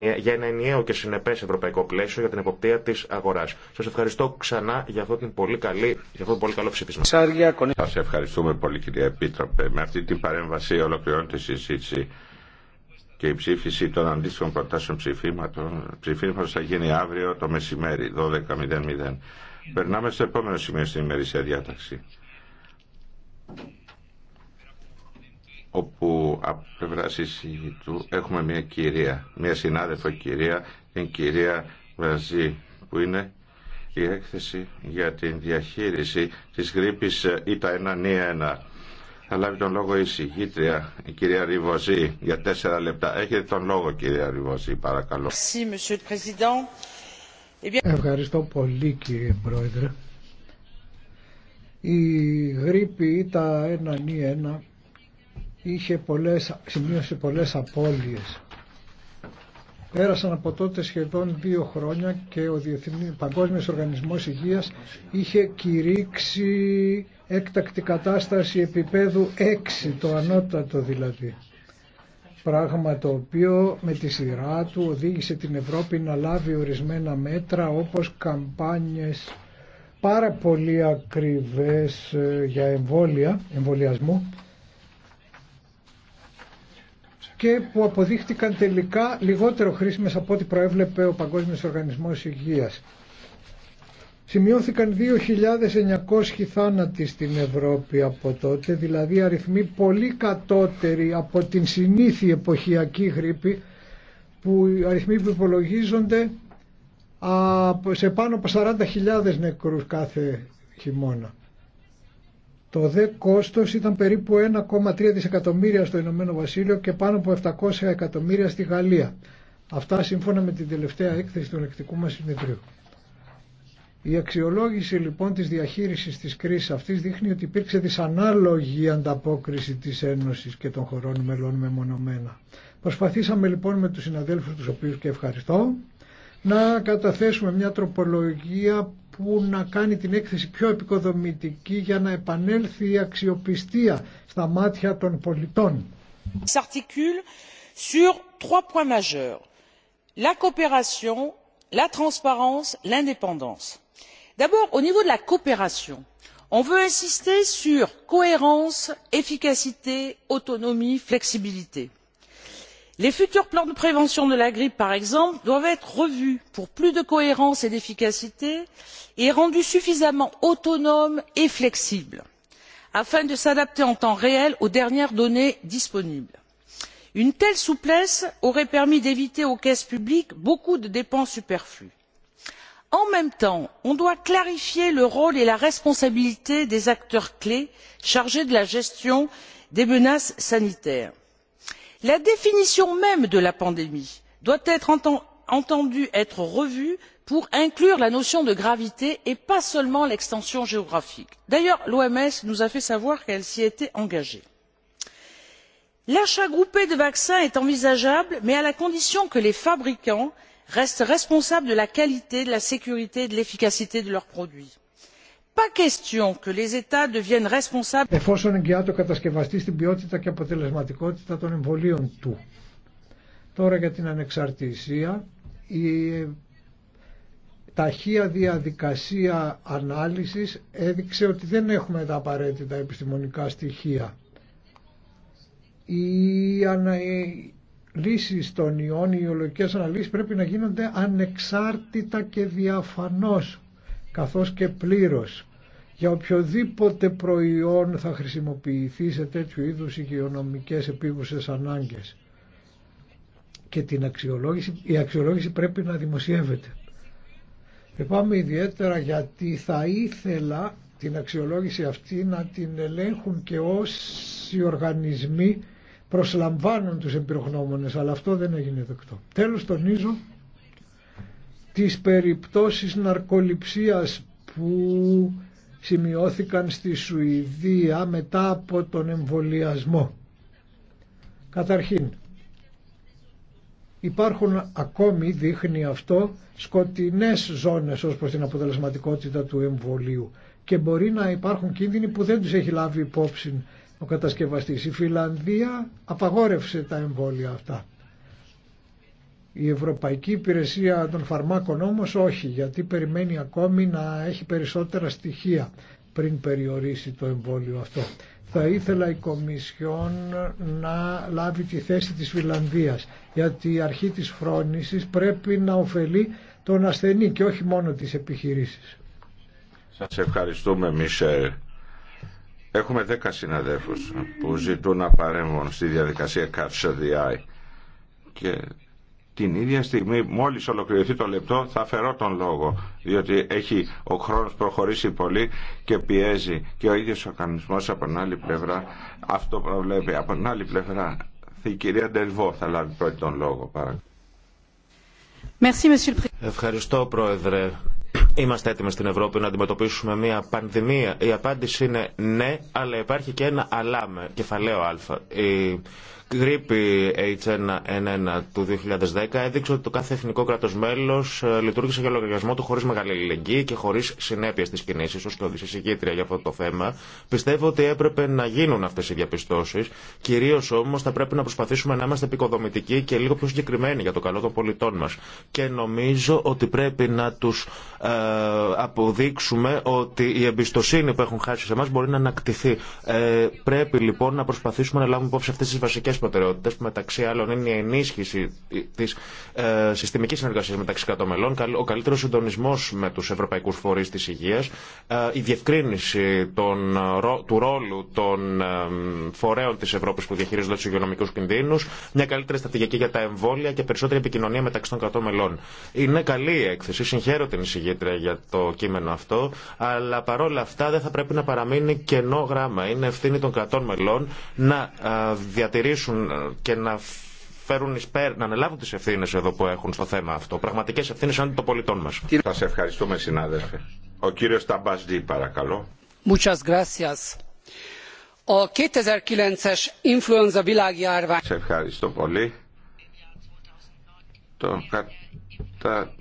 Ε, για ένα ενιαίο και συνεπέ ευρωπαϊκό πλαίσιο για την εποπτεία τη αγορά. Σα ευχαριστώ ξανά για αυτό, την πολύ καλή, για αυτό το πολύ καλό ψήφισμα. Σα ευχαριστούμε πολύ, κυρία Επίτροπε. Με αυτή την παρέμβαση ολοκληρώνεται η συζήτηση και η ψήφιση των αντίστοιχων προτάσεων ψηφίματο θα γίνει αύριο το μεσημέρι, 12.00. Περνάμε στο επόμενο σημείο στην ημερήσια διάταξη όπου από πλευρά του έχουμε μια κυρία, μια συνάδελφο κυρία, την κυρία Βραζή, που είναι η έκθεση για την διαχείριση της γρήπης ΙΤΑ 1-1. Θα λάβει τον λόγο η συγγήτρια, η κυρία Ριβοζή, για τέσσερα λεπτά. Έχετε τον λόγο, κυρία Ριβοζή, παρακαλώ. Ε, Ευχαριστώ πολύ, κύριε Πρόεδρε. Η γρήπη ΙΤΑ 1-1 είχε πολλές, σημείωσε πολλές απώλειες. Πέρασαν από τότε σχεδόν δύο χρόνια και ο διεθνής Παγκόσμιος Οργανισμός Υγείας είχε κηρύξει έκτακτη κατάσταση επίπεδου 6, το ανώτατο δηλαδή. Πράγμα το οποίο με τη σειρά του οδήγησε την Ευρώπη να λάβει ορισμένα μέτρα όπως καμπάνιες πάρα πολύ ακριβές ε, για εμβόλια, εμβολιασμού και που αποδείχτηκαν τελικά λιγότερο χρήσιμες από ό,τι προέβλεπε ο Παγκόσμιος Οργανισμός Υγείας. Σημειώθηκαν 2.900 θάνατοι στην Ευρώπη από τότε, δηλαδή αριθμοί πολύ κατώτεροι από την συνήθη εποχιακή γρήπη, που αριθμοί που υπολογίζονται σε πάνω από 40.000 νεκρούς κάθε χειμώνα. Το δε κόστος ήταν περίπου 1,3 δισεκατομμύρια στο Ηνωμένο Βασίλειο και πάνω από 700 εκατομμύρια στη Γαλλία. Αυτά σύμφωνα με την τελευταία έκθεση του ελεκτικού μας συνεδρίου. Η αξιολόγηση λοιπόν της διαχείρισης της κρίσης αυτής δείχνει ότι υπήρξε δυσανάλογη ανταπόκριση της Ένωσης και των χωρών μελών μεμονωμένα. Προσπαθήσαμε λοιπόν με τους συναδέλφους τους οποίους και ευχαριστώ να καταθέσουμε μια τροπολογία που να κάνει την έκθεση πιο επικοδομητική για να επανέλθει η αξιοπιστία στα μάτια των πολιτών. S'articule sur trois points majeurs. La coopération, la transparence, l'indépendance. D'abord, au niveau de la coopération, on veut insister sur cohérence, efficacité, autonomie, flexibilité les futurs plans de prévention de la grippe par exemple doivent être revus pour plus de cohérence et d'efficacité et rendus suffisamment autonomes et flexibles afin de s'adapter en temps réel aux dernières données disponibles. une telle souplesse aurait permis d'éviter aux caisses publiques beaucoup de dépenses superflues. en même temps on doit clarifier le rôle et la responsabilité des acteurs clés chargés de la gestion des menaces sanitaires la définition même de la pandémie doit être entendue être revue pour inclure la notion de gravité et pas seulement l'extension géographique. d'ailleurs l'oms nous a fait savoir qu'elle s'y était engagée. l'achat groupé de vaccins est envisageable mais à la condition que les fabricants restent responsables de la qualité de la sécurité et de l'efficacité de leurs produits εφόσον εγγυάται ο κατασκευαστή την ποιότητα και αποτελεσματικότητα των εμβολίων του. Τώρα για την ανεξαρτησία, η ταχεία διαδικασία ανάλυσης έδειξε ότι δεν έχουμε τα απαραίτητα επιστημονικά στοιχεία. Οι λύσεις των ιών, οι ιολογικές αναλύσεις πρέπει να γίνονται ανεξάρτητα και διαφανώς καθώς και πλήρως για οποιοδήποτε προϊόν θα χρησιμοποιηθεί σε τέτοιου είδους υγειονομικές επίγουσες ανάγκες. Και την αξιολόγηση, η αξιολόγηση πρέπει να δημοσιεύεται. πάμε ιδιαίτερα γιατί θα ήθελα την αξιολόγηση αυτή να την ελέγχουν και όσοι οργανισμοί προσλαμβάνουν τους εμπειρογνώμονες, αλλά αυτό δεν έγινε δεκτό. Τέλος τονίζω τις περιπτώσεις ναρκοληψίας που σημειώθηκαν στη Σουηδία μετά από τον εμβολιασμό. Καταρχήν, υπάρχουν ακόμη, δείχνει αυτό, σκοτεινές ζώνες ως προς την αποτελεσματικότητα του εμβολίου και μπορεί να υπάρχουν κίνδυνοι που δεν τους έχει λάβει υπόψη ο κατασκευαστής. Η Φιλανδία απαγόρευσε τα εμβόλια αυτά. Η Ευρωπαϊκή Υπηρεσία των Φαρμάκων όμως όχι, γιατί περιμένει ακόμη να έχει περισσότερα στοιχεία πριν περιορίσει το εμβόλιο αυτό. Θα ήθελα η Κομισιόν να λάβει τη θέση της Φιλανδίας, γιατί η αρχή της φρόνησης πρέπει να ωφελεί τον ασθενή και όχι μόνο τις επιχειρήσεις. Σας ευχαριστούμε Μισελ. Έχουμε δέκα συναδέλφους που ζητούν να παρέμβουν στη διαδικασία Catch the την ίδια στιγμή, μόλις ολοκληρωθεί το λεπτό, θα φερώ τον λόγο, διότι έχει ο χρόνος προχωρήσει πολύ και πιέζει. Και ο ίδιος ο κανονισμός από την άλλη πλευρά αυτό προβλέπει. Από την άλλη πλευρά, η κυρία Ντελβό θα λάβει πρώτη τον λόγο. Ευχαριστώ, Πρόεδρε. Είμαστε έτοιμοι στην Ευρώπη να αντιμετωπίσουμε μια πανδημία. Η απάντηση είναι ναι, αλλά υπάρχει και ένα αλλά με κεφαλαίο α γρήπη H1N1 του 2010 έδειξε ότι το κάθε εθνικό κράτο μέλο ε, λειτουργήσε για λογαριασμό του χωρί μεγάλη αλληλεγγύη και χωρί συνέπειε στι κινήσει. Ω και ο για αυτό το θέμα, πιστεύω ότι έπρεπε να γίνουν αυτέ οι διαπιστώσει. Κυρίω όμω θα πρέπει να προσπαθήσουμε να είμαστε επικοδομητικοί και λίγο πιο συγκεκριμένοι για το καλό των πολιτών μα. Και νομίζω ότι πρέπει να του ε, αποδείξουμε ότι η εμπιστοσύνη που έχουν χάσει σε εμά μπορεί να ανακτηθεί. Ε, πρέπει λοιπόν να προσπαθήσουμε να λάβουμε υπόψη αυτέ τι βασικέ προτεραιότητε που μεταξύ άλλων είναι η ενίσχυση τη ε, συστημική συνεργασία μεταξύ κρατομελών, ο καλύτερο συντονισμό με του ευρωπαϊκού φορεί τη υγεία, ε, η διευκρίνηση ε, του ρόλου των ε, φορέων τη Ευρώπη που διαχειρίζονται του υγειονομικού κινδύνου, μια καλύτερη στρατηγική για τα εμβόλια και περισσότερη επικοινωνία μεταξύ των κρατών μελών. Είναι καλή η έκθεση, συγχαίρω την εισηγήτρια για το κείμενο αυτό, αλλά παρόλα αυτά δεν θα πρέπει να παραμείνει κενό γράμμα. Είναι ευθύνη των κρατών μελών να διατηρήσουν δείξουν ε, και να φέρουν πέρα, να αναλάβουν τις ευθύνες εδώ που έχουν στο θέμα αυτό. Πραγματικές ευθύνες αντί των πολιτών μας. Σας ευχαριστούμε συνάδελφε. Ο κύριος Ταμπαζδί παρακαλώ. Muchas gracias. Ο 2009-es influenza világjárvány. Σε ευχαριστώ πολύ. Το κατά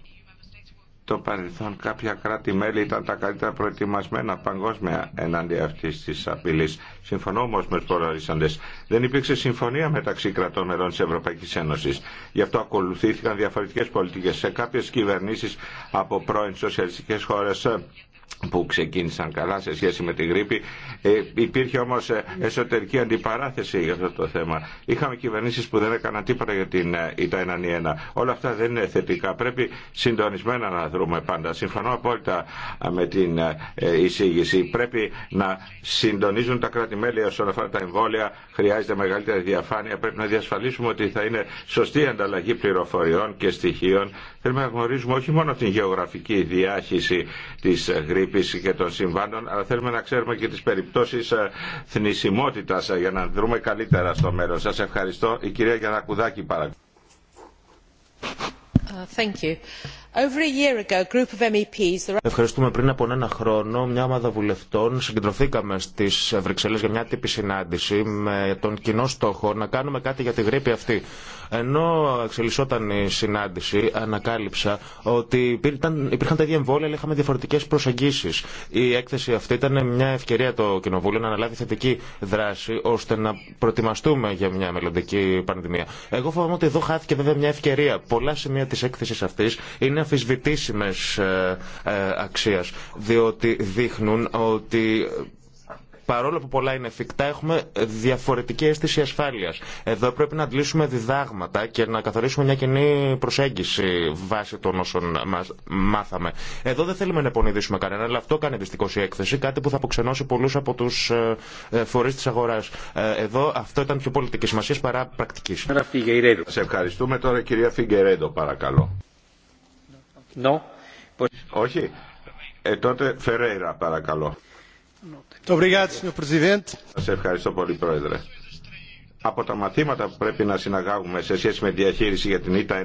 το παρελθόν κάποια κράτη-μέλη ήταν τα καλύτερα προετοιμασμένα παγκόσμια εναντί αυτή τη απειλή. Συμφωνώ όμω με του προορίσαντε. Δεν υπήρξε συμφωνία μεταξύ κρατών μερών τη Ευρωπαϊκή Ένωση. Γι' αυτό ακολουθήθηκαν διαφορετικέ πολιτικέ. Σε κάποιε κυβερνήσει από πρώην σοσιαλιστικέ χώρε που ξεκίνησαν καλά σε σχέση με τη γρήπη. Ε, υπήρχε όμως ε, εσωτερική αντιπαράθεση για αυτό το θέμα. Είχαμε κυβερνήσεις που δεν έκαναν τίποτα για την ΙΤΑ ε, 1 Όλα αυτά δεν είναι θετικά. Πρέπει συντονισμένα να δρούμε πάντα. Συμφωνώ απόλυτα ε, με την εισήγηση. Πρέπει να συντονίζουν τα κράτη-μέλη όσον αφορά τα εμβόλια. Χρειάζεται μεγαλύτερη διαφάνεια. Πρέπει να διασφαλίσουμε ότι θα είναι σωστή η ανταλλαγή πληροφοριών και στοιχείων. Θέλουμε να γνωρίζουμε όχι μόνο την γεωγραφική διάχυση της γρήπης και των συμβάντων, αλλά θέλουμε να ξέρουμε και τις περιπτώσεις ε, θνησιμότητας ε, για να δρούμε καλύτερα στο μέλλον. Σας ευχαριστώ. Η κυρία Γιανακουδάκη παρακολουθεί. Uh, thank you. Ευχαριστούμε. Πριν από ένα χρόνο, μια ομάδα βουλευτών συγκεντρωθήκαμε στι Βρυξέλλε για μια τύπη συνάντηση με τον κοινό στόχο να κάνουμε κάτι για τη γρήπη αυτή. Ενώ εξελισσόταν η συνάντηση, ανακάλυψα ότι υπήρχαν τα ίδια εμβόλια, αλλά είχαμε διαφορετικέ προσεγγίσει. Η έκθεση αυτή ήταν μια ευκαιρία το Κοινοβούλιο να αναλάβει θετική δράση ώστε να προετοιμαστούμε για μια μελλοντική πανδημία. Εγώ φοβάμαι ότι εδώ χάθηκε βέβαια μια ευκαιρία. Πολλά σημεία τη έκθεση αυτή είναι αμφισβητήσιμες ε, ε, αξίας, διότι δείχνουν ότι παρόλο που πολλά είναι εφικτά, έχουμε διαφορετική αίσθηση ασφάλειας. Εδώ πρέπει να αντλήσουμε διδάγματα και να καθορίσουμε μια κοινή προσέγγιση βάσει των όσων μας μάθαμε. Εδώ δεν θέλουμε να επονιδήσουμε κανένα, αλλά αυτό κάνει δυστυχώς η έκθεση, κάτι που θα αποξενώσει πολλούς από του ε, φορεί τη αγορά. Εδώ αυτό ήταν πιο πολιτική σημασία παρά πρακτική. Σε ευχαριστούμε τώρα, κυρία Φιγκερέντο, παρακαλώ. Όχι. Ε, τότε Φερέιρα παρακαλώ. Σας ευχαριστώ πολύ πρόεδρε από τα μαθήματα που πρέπει να συναγάγουμε σε σχέση με διαχείριση για την ΙΤΑ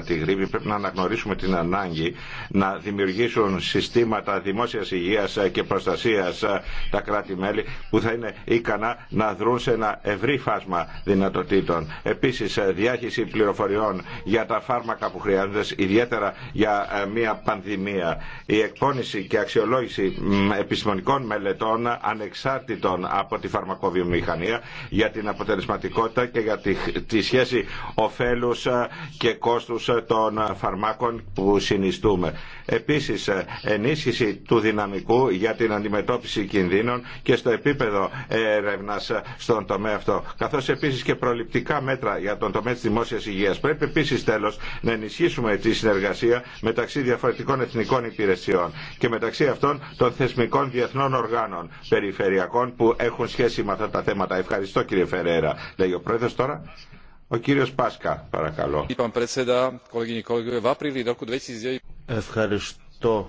1 τη γρήπη πρέπει να αναγνωρίσουμε την ανάγκη να δημιουργήσουν συστήματα δημόσιας υγείας και προστασίας ε, τα κράτη-μέλη που θα είναι ικανά να δρουν σε ένα ευρύ φάσμα δυνατοτήτων. Επίσης ε, διάχυση πληροφοριών για τα φάρμακα που χρειάζονται ιδιαίτερα για ε, μια πανδημία. Η εκπόνηση και αξιολόγηση επιστημονικών μελετών ανεξάρτητων από τη φαρμακοβιομηχανία για την αποτελεσματικότητα και για τη, σχέση ωφέλους ε, και κόστους ε, των φαρμάκων που συνιστούμε. Επίσης, ενίσχυση του δυναμικού για την αντιμετώπιση κινδύνων και στο επίπεδο έρευνα στον τομέα αυτό. Καθώς επίσης και προληπτικά μέτρα για τον τομέα της δημόσιας υγείας. Πρέπει επίσης τέλος να ενισχύσουμε τη συνεργασία μεταξύ διαφορετικών εθνικών υπηρεσιών και μεταξύ αυτών των θεσμικών διεθνών οργάνων περιφερειακών που έχουν σχέση με αυτά τα θέματα. Ευχαριστώ κύριε Φερέρα. Λέει ο Πρόεδρος τώρα. Ο κύριος Πάσκα, παρακαλώ. Ευχαριστώ,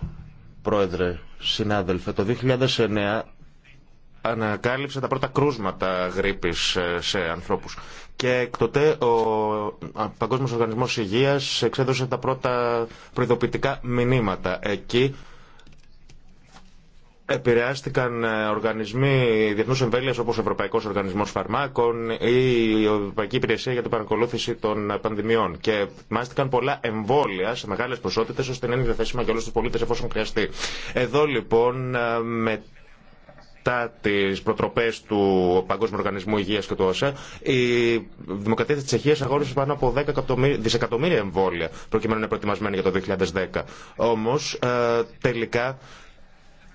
Πρόεδρε, συνάδελφε. Το 2009 ανακάλυψε τα πρώτα κρούσματα γρήπης ε, σε ανθρώπους. Και τότε ο Παγκόσμιος Οργανισμός Υγείας εξέδωσε τα πρώτα προειδοποιητικά μηνύματα. Εκεί επηρεάστηκαν ε, οργανισμοί διεθνούς εμβέλειας όπως ο Ευρωπαϊκός Οργανισμός Φαρμάκων ή η Ευρωπαϊκή Υπηρεσία για την Παρακολούθηση των Πανδημιών και μάστηκαν πολλά εμβόλια σε μεγάλες ποσότητες ώστε να είναι διαθέσιμα για όλους τους πολίτες εφόσον χρειαστεί. Εδώ λοιπόν με μετά τι προτροπέ του Παγκόσμιου Οργανισμού Υγεία και του ΩΣΑ, η Δημοκρατία τη Τσεχία αγόρασε πάνω από 10 δισεκατομμύρια εμβόλια, προκειμένου να είναι προετοιμασμένη για το 2010. Όμω, ε, τελικά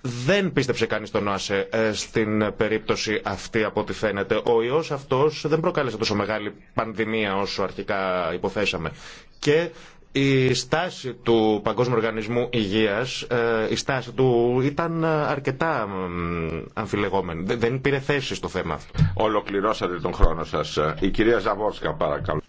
δεν πίστεψε κανεί τον ΟΑΣΕ ε, στην περίπτωση αυτή από ό,τι φαίνεται. Ο ιό αυτό δεν προκάλεσε τόσο μεγάλη πανδημία όσο αρχικά υποθέσαμε. Και η στάση του Παγκόσμιου Οργανισμού Υγείας, ε, η στάση του ήταν αρκετά αμφιλεγόμενη. Δεν πήρε θέση στο θέμα αυτό. Ολοκληρώσατε τον χρόνο σας. Η κυρία Ζαβόρσκα παρακαλώ.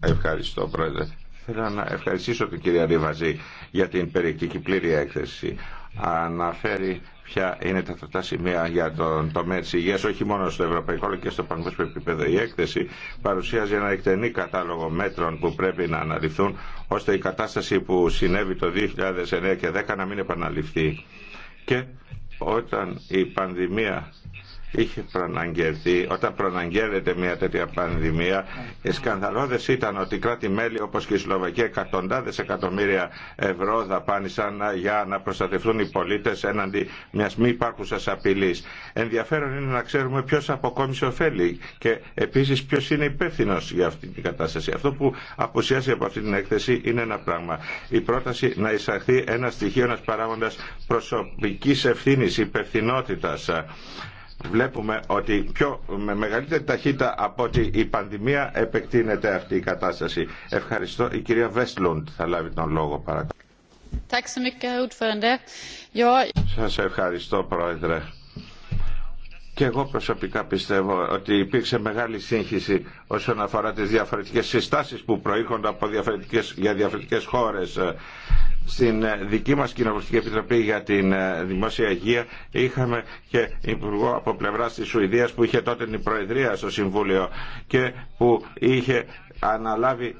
Ευχαριστώ πρόεδρε. Θέλω να ευχαριστήσω την κυρία Ρίβαζη για την περιεκτική πλήρη έκθεση. Αναφέρει ποια είναι τα σημεία για τον τομέα τη υγεία, όχι μόνο στο ευρωπαϊκό αλλά και στο παγκόσμιο επίπεδο. Η έκθεση παρουσιάζει ένα εκτενή κατάλογο μέτρων που πρέπει να αναλυθούν ώστε η κατάσταση που συνέβη το 2009 και 2010 να μην επαναληφθεί. Και όταν η πανδημία είχε προναγγελθεί, όταν προναγγέλλεται μια τέτοια σκανδαλώδε ναι. σκανδαλώδες ήταν ότι κράτη-μέλη όπω και η Σλοβακία εκατοντάδε εκατομμύρια ευρώ δαπάνησαν ε, για να προστατευτούν οι πολίτε έναντι μια μη υπάρχουσα απειλής. Ενδιαφέρον είναι να ξέρουμε ποιο αποκόμισε ωφέλη και επίση ποιο είναι υπεύθυνο για αυτή την κατάσταση. Αυτό που αποουσιάζει από αυτή την έκθεση είναι ένα πράγμα. Η πρόταση να εισαχθεί ένα στοιχείο, ένα παράγοντα προσωπική ευθύνη υπευθυνότητα βλέπουμε ότι πιο, με μεγαλύτερη ταχύτητα από ότι η πανδημία επεκτείνεται αυτή η κατάσταση. Ευχαριστώ. Η κυρία Βέσλουντ θα λάβει τον λόγο παρακαλώ. Σας ευχαριστώ Πρόεδρε. Και εγώ προσωπικά πιστεύω ότι υπήρξε μεγάλη σύγχυση όσον αφορά τις διαφορετικές συστάσεις που προήρχονται από διαφορετικές, για διαφορετικές χώρες στην ε, δική μας Κοινοβουλευτική Επιτροπή για την ε, Δημόσια Υγεία είχαμε και υπουργό από πλευρά της Σουηδίας που είχε τότε την Προεδρία στο Συμβούλιο και που είχε αναλάβει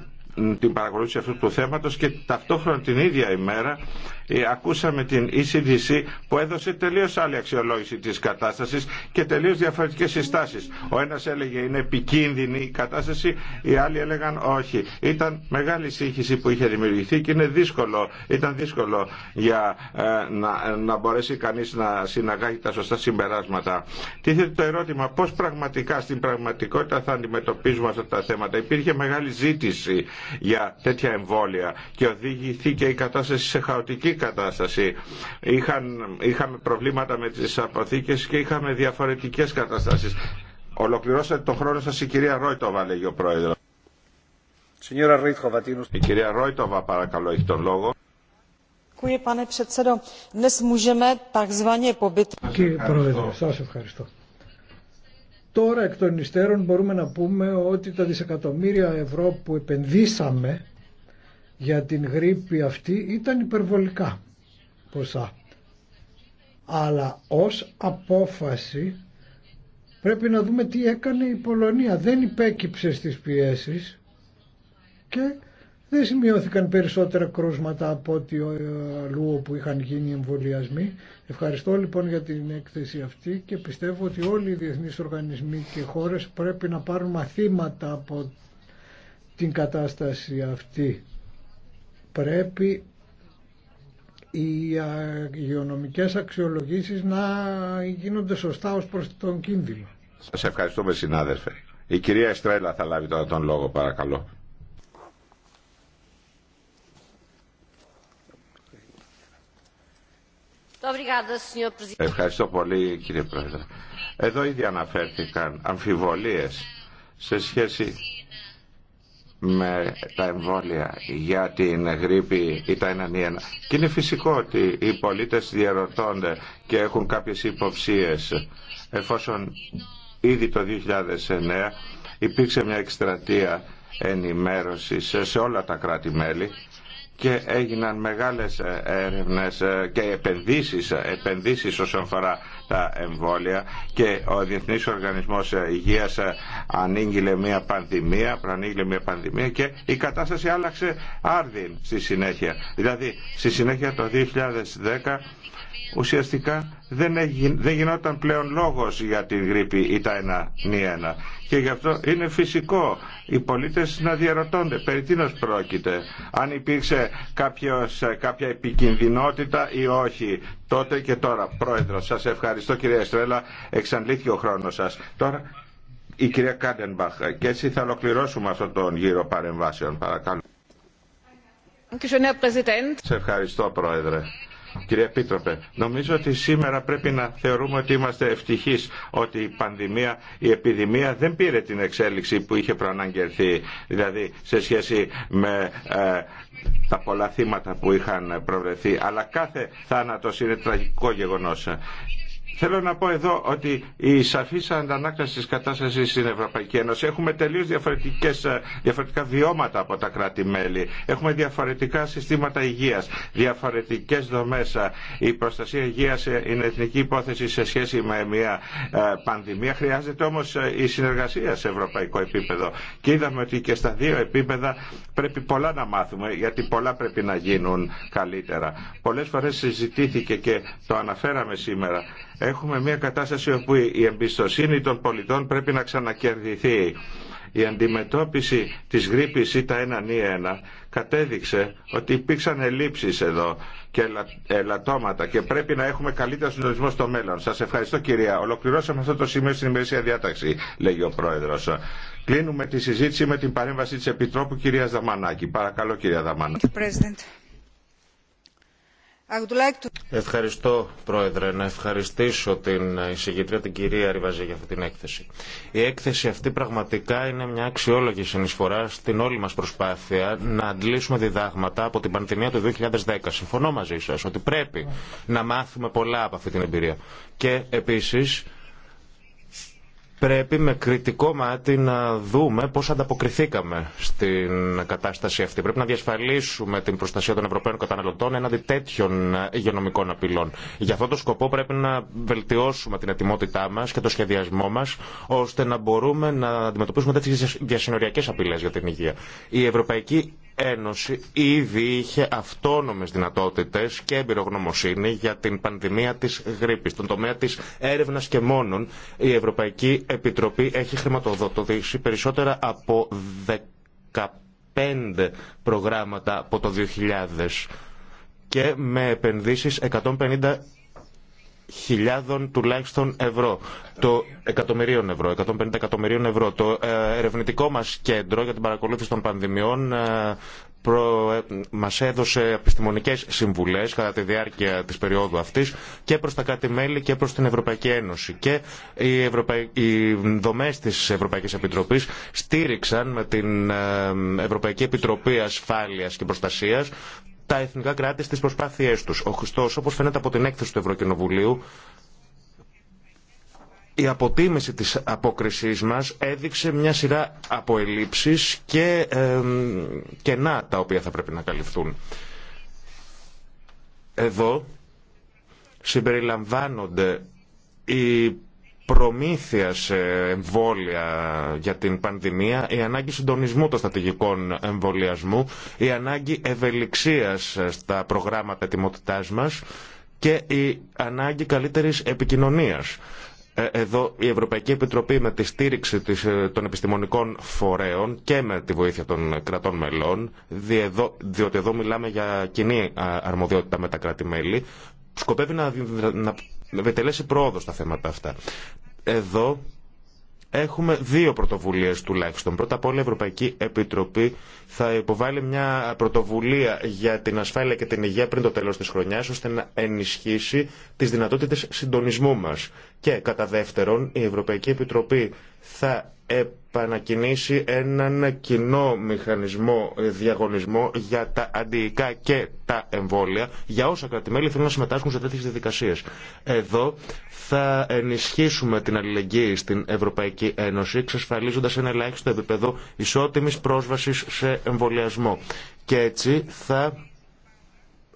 την παρακολούθηση αυτού του θέματος και ταυτόχρονα την ίδια ημέρα ε, ακούσαμε την ECDC που έδωσε τελείω άλλη αξιολόγηση τη κατάσταση και τελείω διαφορετικέ συστάσει. Ο ένα έλεγε είναι επικίνδυνη η κατάσταση, οι άλλοι έλεγαν όχι. Ήταν μεγάλη σύγχυση που είχε δημιουργηθεί και είναι δύσκολο, ήταν δύσκολο για ε, να, να μπορέσει κανεί να συναγάγει τα σωστά συμπεράσματα. Τίθεται το ερώτημα πώ πραγματικά στην πραγματικότητα θα αντιμετωπίζουμε αυτά τα θέματα. Υπήρχε μεγάλη ζήτηση για τέτοια εμβόλια και οδηγηθήκε η κατάσταση σε χαοτική κατάσταση. Είχαν, είχαμε προβλήματα με τις αποθήκες και είχαμε διαφορετικές καταστάσεις. Ολοκληρώσατε τον χρόνο σας η κυρία Ρόιτοβα, λέγει ο Πρόεδρος. Η κυρία Ρόιτοβα, παρακαλώ, έχει τον λόγο. Κύριε Πρόεδρε, σας ευχαριστώ. Τώρα εκ των υστέρων μπορούμε να πούμε ότι τα δισεκατομμύρια ευρώ που επενδύσαμε για την γρήπη αυτή ήταν υπερβολικά ποσά. Αλλά ως απόφαση πρέπει να δούμε τι έκανε η Πολωνία. Δεν υπέκυψε στις πιέσεις και δεν σημειώθηκαν περισσότερα κρούσματα από ό,τι ε, αλλού που είχαν γίνει εμβολιασμοί. Ευχαριστώ λοιπόν για την έκθεση αυτή και πιστεύω ότι όλοι οι διεθνείς οργανισμοί και χώρες πρέπει να πάρουν μαθήματα από την κατάσταση αυτή πρέπει οι αγιονομικές αξιολογήσεις να γίνονται σωστά ως προς τον κίνδυνο. Σας ευχαριστούμε συνάδελφε. Η κυρία Εστρέλα θα λάβει τώρα τον λόγο παρακαλώ. Ευχαριστώ πολύ κύριε Πρόεδρε. Εδώ ήδη αναφέρθηκαν αμφιβολίες σε σχέση με τα εμβόλια για την γρήπη ή τα Και είναι φυσικό ότι οι πολίτες διαρωτώνται και έχουν κάποιες υποψίες εφόσον ήδη το 2009 υπήρξε μια εκστρατεία ενημέρωσης σε όλα τα κράτη-μέλη και έγιναν μεγάλες έρευνες και επενδύσεις, επενδύσεις όσον αφορά τα εμβόλια και ο Διεθνής Οργανισμός Υγείας ανήγγειλε μια πανδημία, προανήγγειλε μια πανδημία και η κατάσταση άλλαξε άρδιν στη συνέχεια. Δηλαδή, στη συνέχεια το 2010 ουσιαστικά δεν, δεν γινόταν πλέον λόγος για την γρήπη ή τα ένα Και γι' αυτό είναι φυσικό οι πολίτες να διαρωτώνται περί τίνος πρόκειται. Αν υπήρξε κάποιος, κάποια επικινδυνότητα ή όχι τότε και τώρα. Πρόεδρος, σας ευχαριστώ κυρία Εστρέλα, εξαντλήθηκε ο χρόνος σας. Τώρα η κυρία Κάντενμπαχ και τωρα προεδρο σας ευχαριστω κυρια εστρελα εξαντληθηκε ο χρονος σας τωρα η κυρια καντενμπαχ και ετσι θα ολοκληρώσουμε αυτόν τον γύρο παρεμβάσεων. Παρακαλώ. Σε ευχαριστώ πρόεδρε. Κύριε Πίτροπε, νομίζω ότι σήμερα πρέπει να θεωρούμε ότι είμαστε ευτυχεί ότι η πανδημία, η επιδημία δεν πήρε την εξέλιξη που είχε προαναγγελθεί. Δηλαδή σε σχέση με ε, τα πολλά θύματα που είχαν προβλεφθεί. Αλλά κάθε θάνατο είναι τραγικό γεγονό. Θέλω να πω εδώ ότι η σαφή αντανάκταση τη κατάσταση στην Ευρωπαϊκή Ένωση έχουμε τελείω ε, διαφορετικά βιώματα από τα κράτη-μέλη. Έχουμε διαφορετικά συστήματα υγεία, διαφορετικέ δομέ. Ε, η προστασία υγεία ε, είναι εθνική υπόθεση σε σχέση με μια πανδημία. Χρειάζεται όμω η συνεργασία σε ευρωπαϊκό επίπεδο. Και είδαμε ότι και στα δύο επίπεδα πρέπει πολλά να μάθουμε, γιατί πολλά πρέπει να γίνουν καλύτερα. Πολλέ φορέ συζητήθηκε και το αναφέραμε σήμερα έχουμε μια κατάσταση όπου η εμπιστοσύνη των πολιτών πρέπει να ξανακερδιθεί. Η αντιμετώπιση της γρήπης ή τα 1 κατέδειξε ότι υπήρξαν ελλείψεις εδώ και ελαττώματα και πρέπει να έχουμε καλύτερο συντονισμό στο μέλλον. Σας ευχαριστώ κυρία. Ολοκληρώσαμε αυτό το σημείο στην ημερησία διάταξη, λέγει ο Πρόεδρος. Κλείνουμε τη συζήτηση με την παρέμβαση της Επιτρόπου κυρίας Δαμανάκη. Παρακαλώ κυρία Δαμανάκη. Ευχαριστώ, Πρόεδρε. Να ευχαριστήσω την εισηγητρία, την κυρία Ριβαζή, για αυτή την έκθεση. Η έκθεση αυτή πραγματικά είναι μια αξιόλογη συνεισφορά στην όλη μα προσπάθεια να αντλήσουμε διδάγματα από την πανδημία του 2010. Συμφωνώ μαζί σα ότι πρέπει να μάθουμε πολλά από αυτή την εμπειρία. Και επίση πρέπει με κριτικό μάτι να δούμε πώς ανταποκριθήκαμε στην κατάσταση αυτή. Πρέπει να διασφαλίσουμε την προστασία των Ευρωπαίων καταναλωτών έναντι τέτοιων υγειονομικών απειλών. Για αυτόν τον σκοπό πρέπει να βελτιώσουμε την ετοιμότητά μας και το σχεδιασμό μας, ώστε να μπορούμε να αντιμετωπίσουμε τέτοιες διασυνοριακές απειλές για την υγεία. Η Ευρωπαϊκή Ένωση ήδη είχε αυτόνομες δυνατότητες και εμπειρογνωμοσύνη για την πανδημία της γρήπης. Στον τομέα της έρευνας και μόνον η Ευρωπαϊκή Επιτροπή έχει χρηματοδοτήσει περισσότερα από 15 προγράμματα από το 2000 και με επενδύσεις 150 χιλιάδων τουλάχιστον ευρώ, το εκατομμυρίων ευρώ, 150 εκατομμυρίων ευρώ. Το ε, ερευνητικό μας κέντρο για την παρακολούθηση των πανδημιών ε, προ... Ε, μας έδωσε επιστημονικές συμβουλές κατά τη διάρκεια της περίοδου αυτής και προς τα κάτι μελη και προς την Ευρωπαϊκή Ένωση. Και οι, Ευρωπαϊ... οι δομές της Ευρωπαϊκής Επιτροπής στήριξαν με την Ευρωπαϊκή Επιτροπή Ασφάλειας και Προστασίας τα εθνικά κράτη στις προσπάθειές τους. Ωστόσο, όπως φαίνεται από την έκθεση του Ευρωκοινοβουλίου, η αποτίμηση της απόκρισής μας έδειξε μια σειρά από και ε, κενά τα οποία θα πρέπει να καλυφθούν. Εδώ συμπεριλαμβάνονται οι προμήθεια εμβόλια για την πανδημία, η ανάγκη συντονισμού των στατηγικών εμβολιασμού, η ανάγκη ευελιξίας στα προγράμματα ετοιμότητάς μας και η ανάγκη καλύτερης επικοινωνίας. Ε, εδώ η Ευρωπαϊκή Επιτροπή με τη στήριξη ε, των επιστημονικών φορέων και με τη βοήθεια των κρατών μελών, διότι εδώ μιλάμε για κοινή αρμοδιότητα με τα κράτη-μέλη, να τελέσει πρόοδο στα θέματα αυτά. Εδώ έχουμε δύο πρωτοβουλίες τουλάχιστον. Πρώτα απ' όλα η Ευρωπαϊκή Επιτροπή θα υποβάλει μια πρωτοβουλία για την ασφάλεια και την υγεία πριν το τέλος της χρονιάς ώστε να ενισχύσει τις δυνατότητες συντονισμού μας. Και κατά δεύτερον η Ευρωπαϊκή Επιτροπή θα επανακινήσει έναν κοινό μηχανισμό ε, διαγωνισμό για τα αντιϊκά και τα εμβόλια για όσα κρατημέλη θέλουν να συμμετάσχουν σε τέτοιες διαδικασίες. Εδώ θα ενισχύσουμε την αλληλεγγύη στην Ευρωπαϊκή Ένωση εξασφαλίζοντας ένα ελάχιστο επίπεδο ισότιμης πρόσβασης σε εμβολιασμό. Και έτσι θα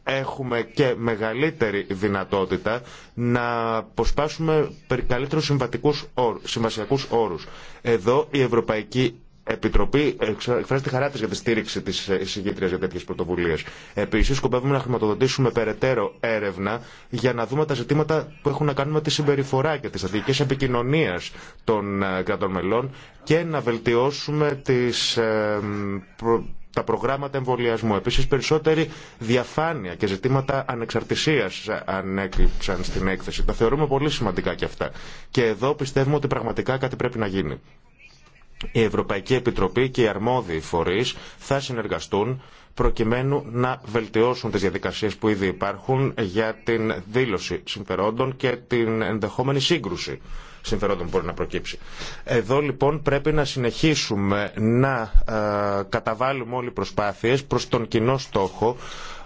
έχουμε και μεγαλύτερη δυνατότητα να προσπάσουμε καλύτερους συμβατικούς όρους, συμβασιακούς όρους. Εδώ η Ευρωπαϊκή Επιτροπή εκφράζει τη χαρά τη για τη στήριξη της ε, εισηγήτριας για τέτοιε πρωτοβουλίε. Επίση, σκοπεύουμε να χρηματοδοτήσουμε περαιτέρω έρευνα για να δούμε τα ζητήματα που έχουν να κάνουν με τη συμπεριφορά και τις αδικές επικοινωνία των ε, κρατών μελών και να βελτιώσουμε τι ε, τα προγράμματα εμβολιασμού. Επίση, περισσότερη διαφάνεια και ζητήματα ανεξαρτησία ανέκλειψαν στην έκθεση. Τα θεωρούμε πολύ σημαντικά και αυτά. Και εδώ πιστεύουμε ότι πραγματικά κάτι πρέπει να γίνει. Η Ευρωπαϊκή Επιτροπή και οι αρμόδιοι φορεί θα συνεργαστούν προκειμένου να βελτιώσουν τις διαδικασίες που ήδη υπάρχουν για την δήλωση συμφερόντων και την ενδεχόμενη σύγκρουση συμφερόντων που μπορεί να προκύψει. Εδώ λοιπόν πρέπει να συνεχίσουμε να ε, καταβάλουμε όλοι προσπάθειες προς τον κοινό στόχο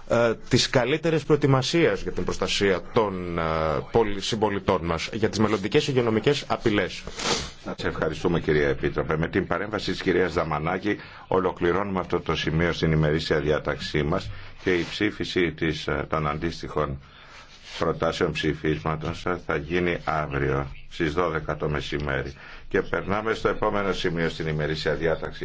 ε, τη καλύτερη προετοιμασία για την προστασία των ε, συμπολιτών μα για τις μελλοντικές υγειονομικές απειλές. Σα ευχαριστούμε κυρία Επίτροπε. Με την παρέμβαση τη κυρία Δαμανάκη ολοκληρώνουμε αυτό το σημείο στην ημερήσια διάταξή μα και η ψήφιση της, ε, των αντίστοιχων προτάσεων ψηφίσματος θα γίνει αύριο στις 12 το μεσημέρι. Και περνάμε στο επόμενο σημείο στην ημερήσια διάταξη.